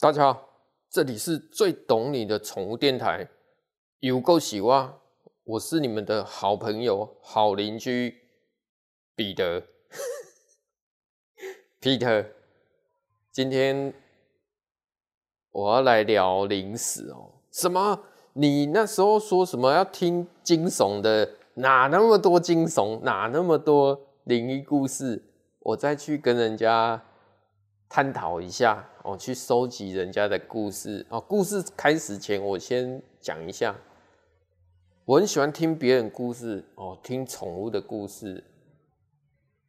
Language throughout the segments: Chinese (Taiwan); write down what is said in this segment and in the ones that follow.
大家好，這裡是最懂你的寵物電台有夠喜歡，我是你們的好朋友，好鄰居彼得 Peter。今天我要來聊零食哦。什麼？你那時候說什麼要聽驚悚的？哪那麼多驚悚？哪那麼多靈異故事？我再去跟人家。探討一下，哦，去收集人家的故事哦。故事開始前，我先講一下。我很喜歡聽別人故事哦，聽寵物的故事，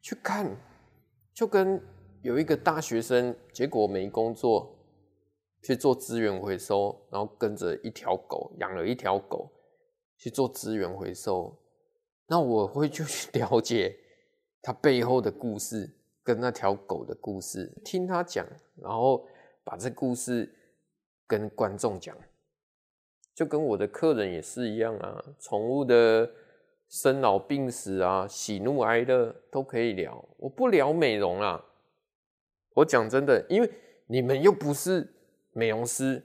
去看，就跟有一個大學生，結果沒工作，去做資源回收，然後跟着一條狗，養了一條狗，去做資源回收。那我會就去了解他背後的故事。跟那條狗的故事，聽他講，然後把這故事跟觀眾講，就跟我的客人也是一樣啊。寵物的生老病死啊，喜怒哀樂都可以聊，我不聊美容啊。我講真的，因為你們又不是美容師，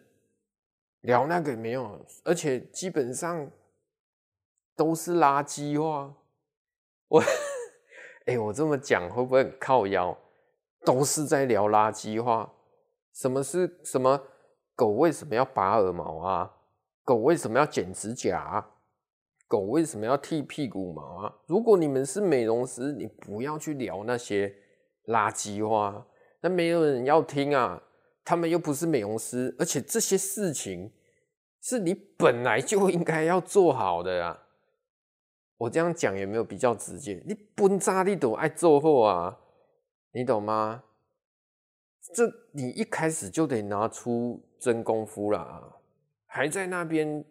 聊那個沒有，而且基本上都是垃圾話。我。哎，欸、我這麼講會不會很靠腰？都是在聊垃圾話。什麼是什麼狗為什麼要拔耳毛啊？狗為什麼要剪指甲、啊？狗為什麼要剃屁股毛啊？如果你們是美容師，你不要去聊那些垃圾話，那沒有人要聽啊。他們又不是美容師，而且這些事情是你本來就應該要做好的啊。我這樣講有沒有比較直接？你笨渣，你都愛做貨啊，你懂嗎？這你一開始就得拿出真功夫了啊！還在那邊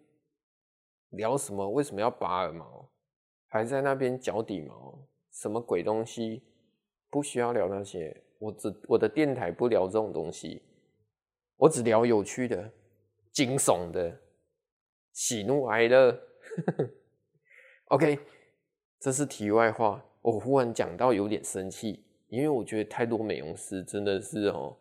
聊什麼？為什麼要拔耳毛？還在那邊腳底毛？什麼鬼東西？不需要聊那些。我只我的電台不聊這種東西，我只聊有趣的、驚悚的、喜怒哀樂。 OK，這是題外話。我忽然講到有點生氣，因為我覺得太多美容師真的是哦、喔，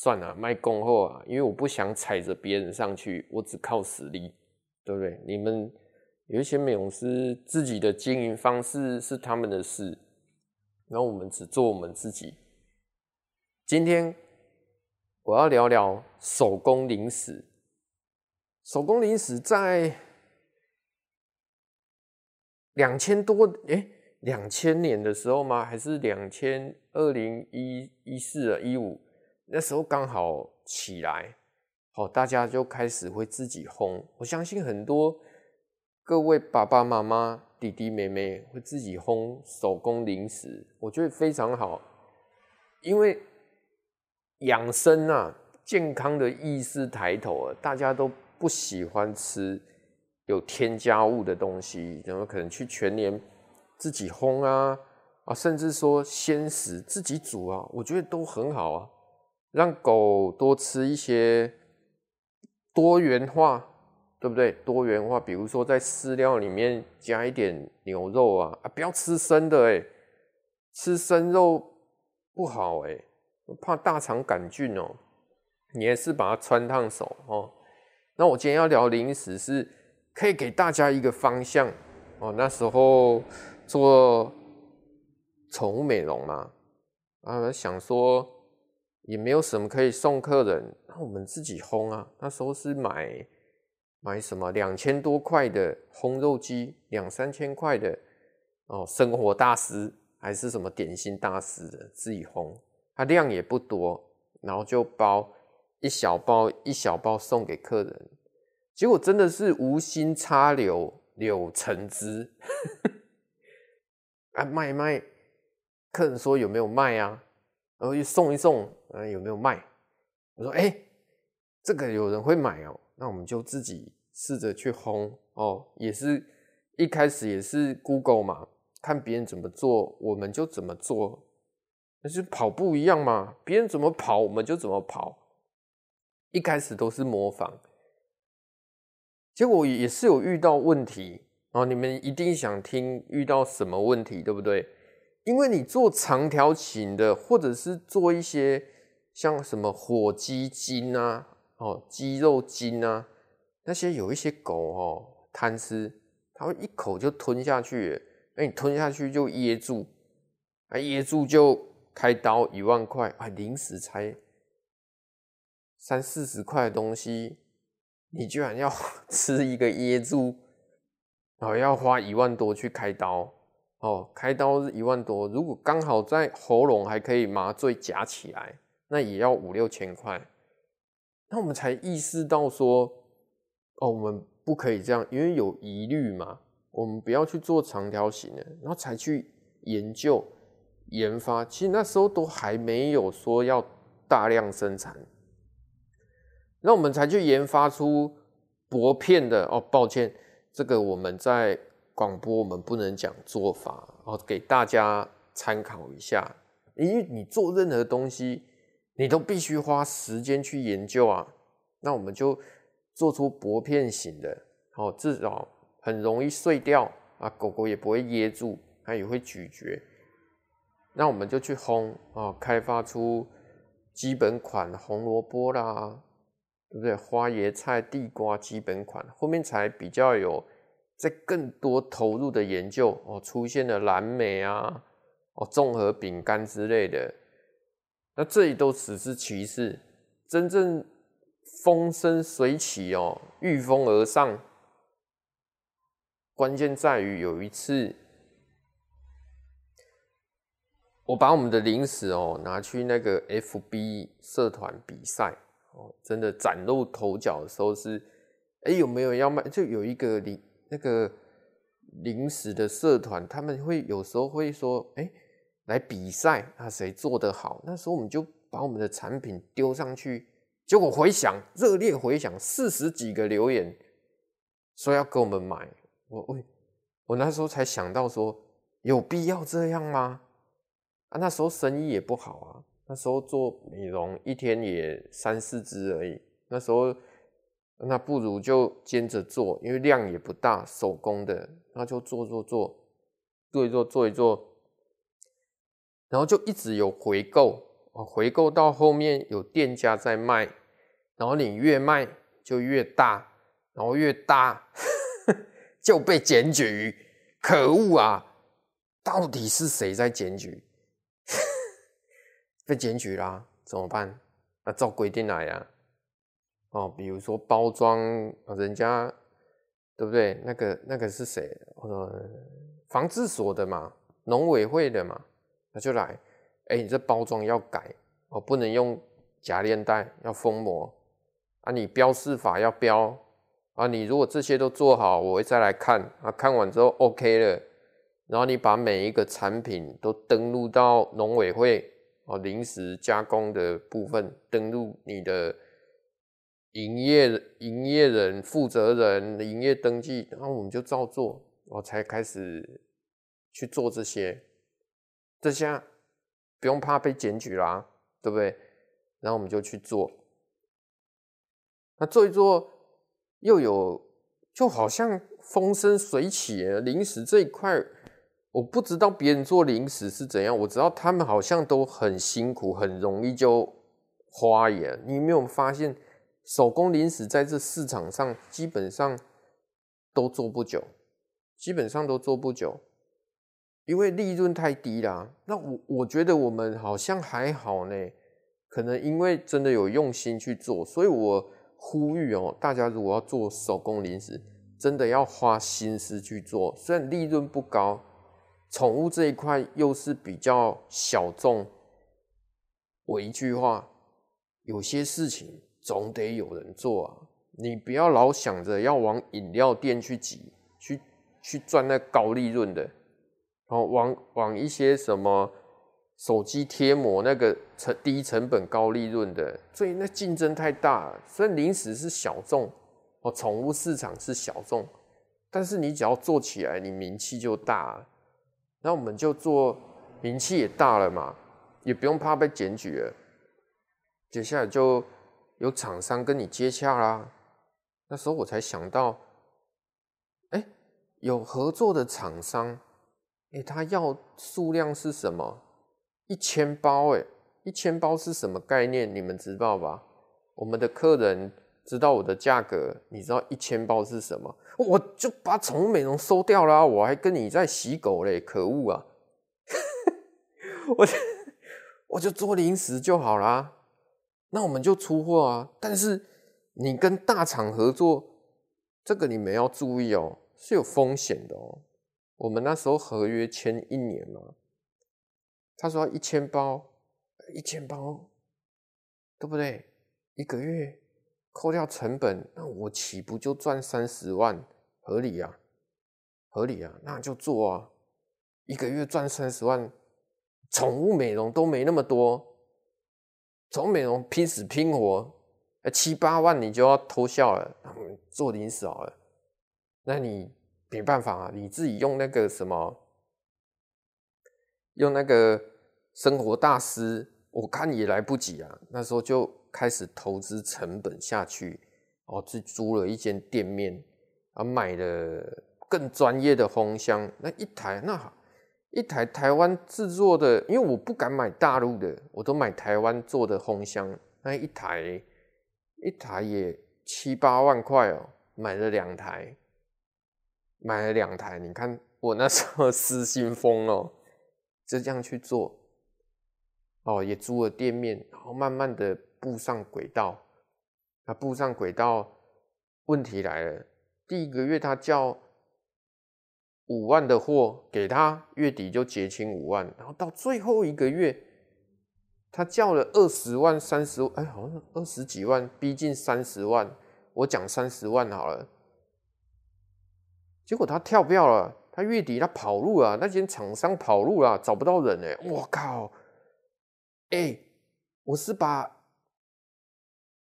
算了，啊，賣供貨啊，因為我不想踩着別人上去，我只靠實力，對不對？你們有一些美容師自己的經營方式是他們的事，然後我們只做我們自己。今天我要聊聊手工零食，手工零食在，兩千多哎，兩千年的時候嗎？還是兩千二零一一四啊一五？那時候剛好起來，好，大家就開始會自己烘。我相信很多各位爸爸媽媽、弟弟妹妹會自己烘手工零食，我覺得非常好，因為養生啊，健康的意識抬頭啊，大家都不喜歡吃。有添加物的東西，怎麼可能去全年自己烘啊？啊甚至說鮮食自己煮啊，我覺得都很好啊。讓狗多吃一些多元化，對不對？多元化，比如說在飼料裡面加一點牛肉啊，啊不要吃生的哎、欸，吃生肉不好哎、欸，怕大腸桿菌哦、喔。你還是把它汆燙熟哦。那我今天要聊的零食是。可以給大家一個方向哦。那時候做寵物美容嘛，啊、呃，想說也沒有什麼可以送客人，那我們自己烘啊。那時候是買買什麼兩千多塊的烘肉機，兩三千塊的哦，生活大師還是什麼點心大師的，自己烘，它量也不多，然後就包一小包一小包送給客人。結果真的是無心插柳，柳、 啊，柳成枝。啊賣賣，客人說有沒有賣啊？然後又送一送，啊有沒有賣？我說哎、欸，這個有人會買哦、喔，那我們就自己試着去烘哦、喔。也是一開始也是 Google 嘛，看別人怎麼做，我們就怎麼做。那是跑步一樣嘛，別人怎麼跑我們就怎麼跑。一開始都是模仿。結果也也是有遇到問題哦，你們一定想聽遇到什麼問題，對不對？因為你做長條形的，或者是做一些像什麼火雞筋啊、哦雞肉筋啊，那些有一些狗哦貪吃，它會一口就吞下去了，哎，你吞下去就噎住，啊噎住就開刀一萬塊，啊零食才三四十塊的東西。你居然要吃一個椰珠，哦，要花一萬多去開刀，哦，開刀是一萬多，如果剛好在喉嚨還可以麻醉夾起來，那也要五六千塊。那我們才意識到說，哦，我們不可以這樣，因為有疑慮嘛，我們不要去做長條形的，然後才去研究研發。其實那時候都還沒有說要大量生產。那我們才去研發出薄片的，哦。抱歉，這個我們在廣播，我們不能講做法，哦，給大家參考一下。因為你做任何東西，你都必須花時間去研究啊。那我們就做出薄片型的，哦，至少很容易碎掉，啊，狗狗也不會噎住，它也會咀嚼。那我們就去烘，哦，開發出基本款紅蘿蔔啦。對不對？花椰菜、地瓜基本款，後面才比較有在更多投入的研究哦，出現了藍莓啊，哦，綜合餅乾之類的。那這裡都只是其次，真正風生水起哦，御風而上。關鍵在於有一次，我把我們的零食哦拿去那個 FB 社團比賽。哦，真的嶄露頭角的時候是，哎、欸，有沒有要賣？就有一個零那個臨時的社團，他們會有時候會說，哎、欸，來比賽，誰、啊、做得好？那時候我們就把我們的產品丟上去，結果迴響，熱烈迴響，四十幾個留言說要給我們買。我我、欸、我那時候才想到說，有必要這樣嗎？啊，那時候生意也不好啊。那時候做美容，一天也三四隻而已。那時候那不如就兼着做，因為量也不大，手工的，那就做做做，做一做做一做，然後就一直有回購。回購到後面有店家在賣，然後你越賣就越大，然後越大 就被檢舉，可惡啊！到底是誰在檢舉？被檢舉啦，怎麼辦？那、啊、照規定來呀、啊。哦，比如說包裝、哦，人家對不對？那個那個是誰？我、哦、說，防治所的嘛，農委會的嘛，他就來。哎、欸，你這包裝要改，哦，不能用夾鏈袋，要封膜啊。你標示法要標啊。你如果這些都做好，我會再來看。啊，看完之後 OK 了，然後你把每一個產品都登錄到農委會。哦，鮮食加工的部分，登入你的營業營業人負責人營業登記。那我們就照做，我才開始去做這些，這下不用怕被檢舉啦、啊，對不對？然後我們就去做，那做一做又有就好像風生水起啊，鮮食這一塊。我不知道別人做零食是怎樣，我知道他們好像都很辛苦，很容易就花眼。你有沒有發現手工零食在這市場上基本上都做不久，基本上都做不久，因為利潤太低啦。那我我覺得我們好像還好呢，可能因為真的有用心去做，所以我呼籲哦，大家如果要做手工零食，真的要花心思去做，雖然利潤不高。寵物這一塊又是比較小眾。我一句話，有些事情總得有人做啊！你不要老想着要往飲料店去擠，去去賺那高利潤的，哦，然後，往往一些什麼手機貼膜那個成低成本高利潤的，所以那競爭太大了。雖然零食是小眾，哦，寵物市場是小眾，但是你只要做起來，你名氣就大。那我們就做名氣也大了嘛，也不用怕被檢舉了。接下來就有廠商跟你接洽啦。那時候我才想到，哎、欸，有合作的廠商，哎、欸，他要數量是什麼？一千包、欸，哎，一千包是什麼概念？你們知道吧？我們的客人知道我的價格，你知道一千包是什麼？我就把寵物美容收掉了，我還跟你在洗狗嘞，可惡啊！ 我就我就做零食就好啦，那我們就出貨啊。但是你跟大廠合作，這個你們要注意哦，是有風險的哦。我們那時候合約簽一年嘛，他說一千包，一千包，對不對？一個月。扣掉成本，那我豈不就賺三十萬？合理呀、啊，合理呀、啊，那就做啊！一個月賺三十萬，寵物美容都沒那麼多，寵物美容拼死拼活，欸、七八萬你就要偷笑了，嗯、做點少了，那你沒辦法啊，你自己用那個什麼，用那個生活大師，我看也來不及啊，那時候就。開始投資成本下去，哦，就租了一間店面，啊，買了更專業的烘箱，那一台那一台台灣制作的，因為我不敢買大陸的，我都買台灣做的烘箱，那一台一台也七八萬塊哦，買了兩台，買了兩台，你看我那時候失心瘋哦，就這樣去做，哦，也租了店面，然後慢慢的。步上軌道，他步上軌道，問題來了。第一個月他叫五萬的貨給他，月底就結清五萬。然後到最後一個月，他叫了二十萬、三十，哎、欸，好像二十幾萬，逼近三十萬。我講三十萬好了。結果他跳票了，他月底他跑路了，那間廠商跑路了，找不到人呢、欸，我靠！哎、欸，我是把。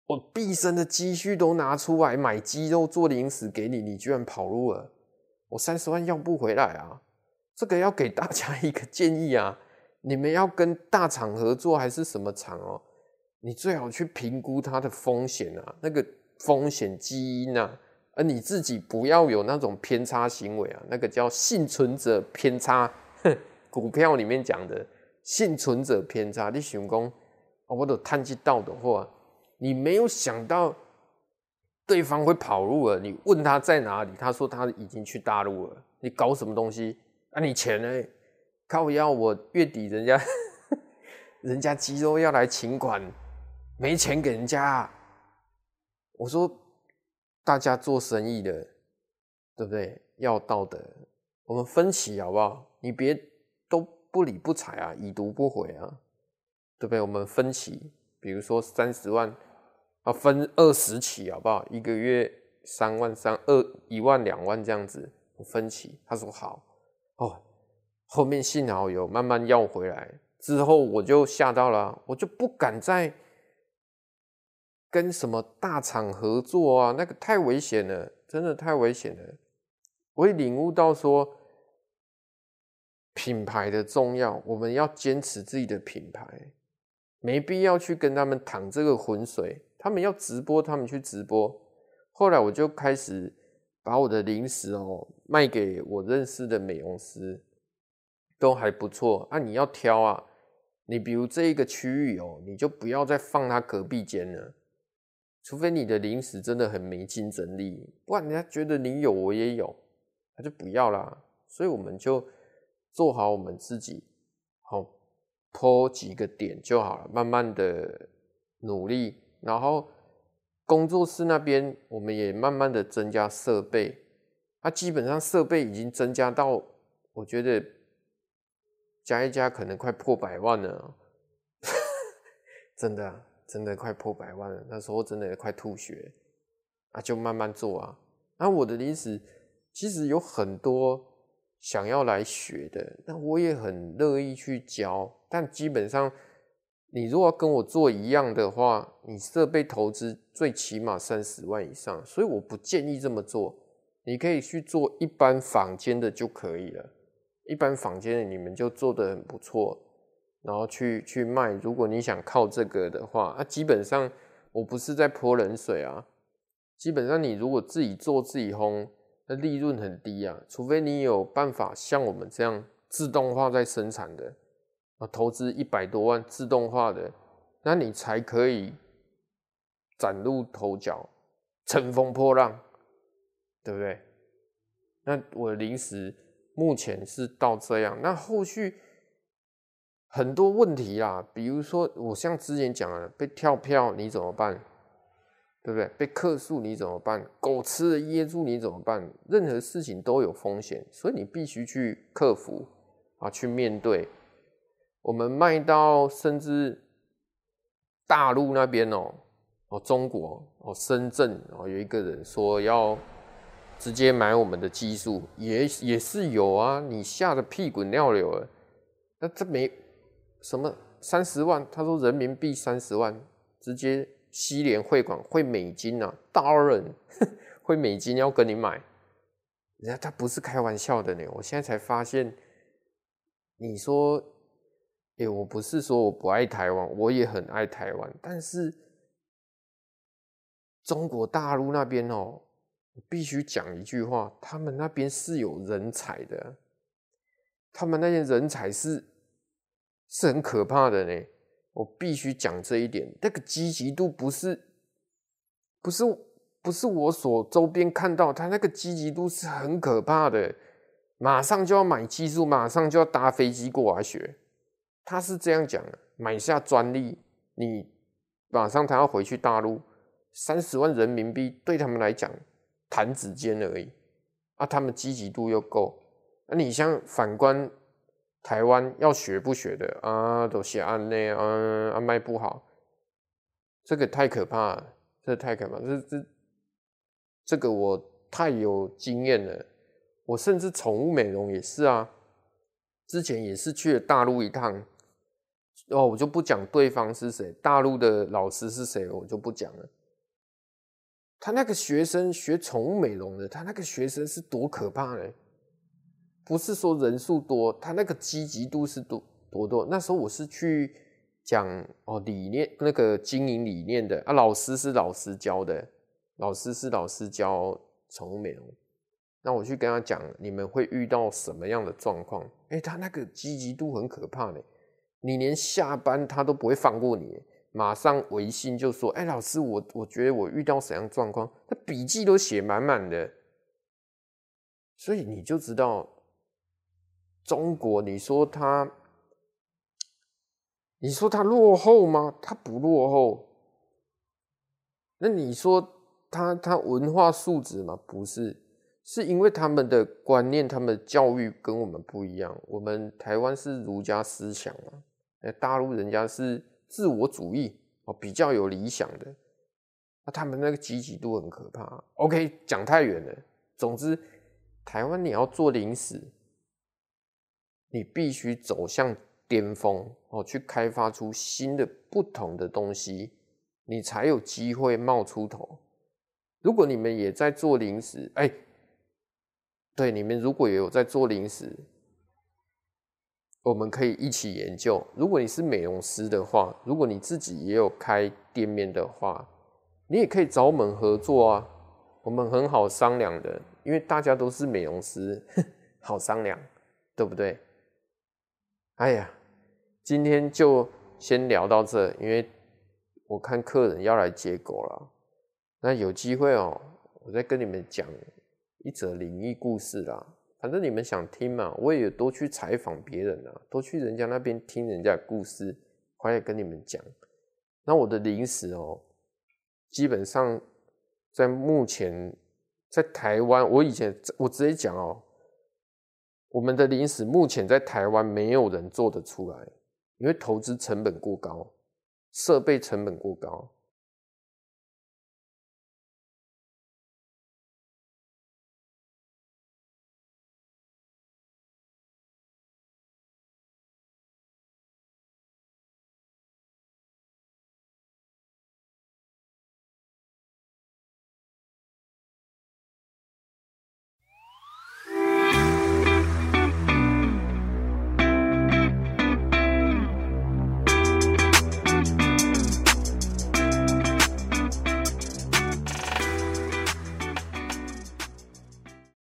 我畢生的積蓄都拿出來買雞肉做零食給你，你居然跑路了！我三十萬要不回來啊！這個要給大家一個建議啊，你們要跟大廠合作還是什麼廠哦？你最好去評估它的風險啊，那個風險基因啊，而你自己不要有那種偏差行為啊，那個叫幸存者偏差，哼，股票裡面講的幸存者偏差。你成功，我都探及到的話。你沒有想到對方會跑路了。你問他在哪裡，他說他已經去大陸了。你搞什麼東西啊？你錢呢、欸？靠，要我月底人家，人家肌肉要來請款，沒錢給人家、啊。我說大家做生意的，對不對？要道德，我們分歧好不好？你別都不理不睬啊，已讀不回啊，對不對？我們分歧。比如說三十萬，啊，分二十期，好不好？一個月三萬三二一萬兩萬這樣子分期，他說好哦。後面幸好有慢慢要回來，之後我就嚇到了，我就不敢再跟什麼大廠合作啊，那個太危險了，真的太危險了。我也領悟到說品牌的重要，我們要堅持自己的品牌。沒必要去跟他們淌這個渾水，他們要直播，他們去直播。後來我就開始把我的零食哦、喔、賣給我認識的美容師，都還不錯啊。你要挑啊，你比如這一個區域哦、喔，你就不要再放他隔壁間了，除非你的零食真的很沒競爭力，不然人家覺得你有我也有，他就不要啦。所以我們就做好我們自己，好。破幾個點就好了，慢慢的努力，然後工作室那邊我們也慢慢的增加設備，啊，基本上設備已經增加到，我覺得加一加可能快破百萬了， 真的真的快破百萬了，那時候真的快吐血啊，就慢慢做啊，那、啊、我的臨時其實有很多，想要來學的，那我也很樂意去教。但基本上，你如果要跟我做一樣的話，你設備投資最起碼三十萬以上，所以我不建議這麼做。你可以去做一般坊間的就可以了。一般坊間的你們就做得很不錯，然後去去賣。如果你想靠這個的話，啊，基本上我不是在潑冷水啊。基本上你如果自己做自己烘。那利潤很低啊，除非你有辦法像我們這樣自動化在生產的啊，投資一百多萬自動化的，那你才可以嶄露頭角，乘風破浪，對不對？那我的零食目前是到這樣，那後續很多問題啦，比如說我像之前講的被跳票，你怎麼辦？對不對？被客訴你怎麼辦？狗吃了噎住你怎麼辦？任何事情都有風險，所以你必須去克服啊，去面對。我們賣到甚至大陸那邊哦，哦，中國哦，深圳哦，有一個人說要直接買我們的技術，也也是有啊，你嚇得屁滾尿流了。那這沒什麼三十萬，他說人民幣三十萬，直接。西聯匯款，匯美金啊，大澳匯美金要跟你買，人家他不是開玩笑的呢。我現在才發現，你說，哎、欸，我不是說我不愛台灣，我也很愛台灣，但是中國大陸那邊哦、喔，我必須講一句話，他們那邊是有人才的，他們那些人才是是很可怕的呢。我必須講這一點，那個積極度不是，不是，不是我所周邊看到，他那個積極度是很可怕的，馬上就要買技術，馬上就要搭飛機過來學，他是這樣講，買下專利，你馬上他要回去大陸，三十萬人民幣對他們來講彈指間而已，啊，他們積極度又夠，那、啊、你像反觀。台灣要學不學的啊，都寫安內啊，安、啊、排不好，這個太可怕了，這個、太可怕了，這這這個我太有經驗了，我甚至寵物美容也是啊，之前也是去了大陸一趟，哦，我就不講對方是誰，大陸的老師是誰，我就不講了，他那個學生學寵物美容的，他那個學生是多可怕呢？、欸？不是說人數多，他那個積極度是多多多。那時候我是去講哦理念，那個經營理念的啊，老師是老師教的，老師是老師教寵物美容。那我去跟他講，你們會遇到什麼樣的狀況？誒、欸、他那個積極度很可怕呢，你連下班他都不會放過你，馬上微信就說，誒、欸、老師，我我覺得我遇到什麼樣的狀況，他筆記都寫滿滿的，所以你就知道。中國，你說他，你說他落後嗎？他不落後。那你說他他文化素質嗎？不是，是因為他們的觀念、他們的教育跟我們不一樣。我們台灣是儒家思想嘛，那大陸人家是自我主義哦，比較有理想的。那他們那個積極度很可怕。OK，講太遠了。總之，台灣你要做零食。你必須走向巔峰哦、喔，去開發出新的不同的東西，你才有機會冒出頭。如果你們也在做零食，哎、欸，對，你們如果也有在做零食，我們可以一起研究。如果你是美容師的話，如果你自己也有開店面的話，你也可以找我們合作啊，我們很好商量的，因為大家都是美容師，哼，好商量，對不對？哎呀，今天就先聊到這，因為我看客人要來接狗啦。那有機會哦，我再跟你們講一則靈異故事啦。反正你們想聽嘛，我也有多去採訪別人啊，多去人家那邊聽人家的故事，回來跟你們講。那我的零食哦，基本上在目前在台灣，我以前我直接講哦。我們的零食目前在台灣沒有人做得出來，因為投資成本過高，設備成本過高。